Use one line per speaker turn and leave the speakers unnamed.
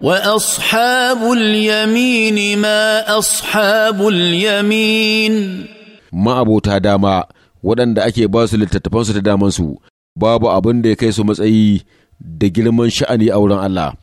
واصحاب اليمين ما اصحاب اليمين
ما ابو dama waɗanda ake ba su littattafansu da damansu babu abin da ya kai su matsayi da girman sha'ani a wurin Allah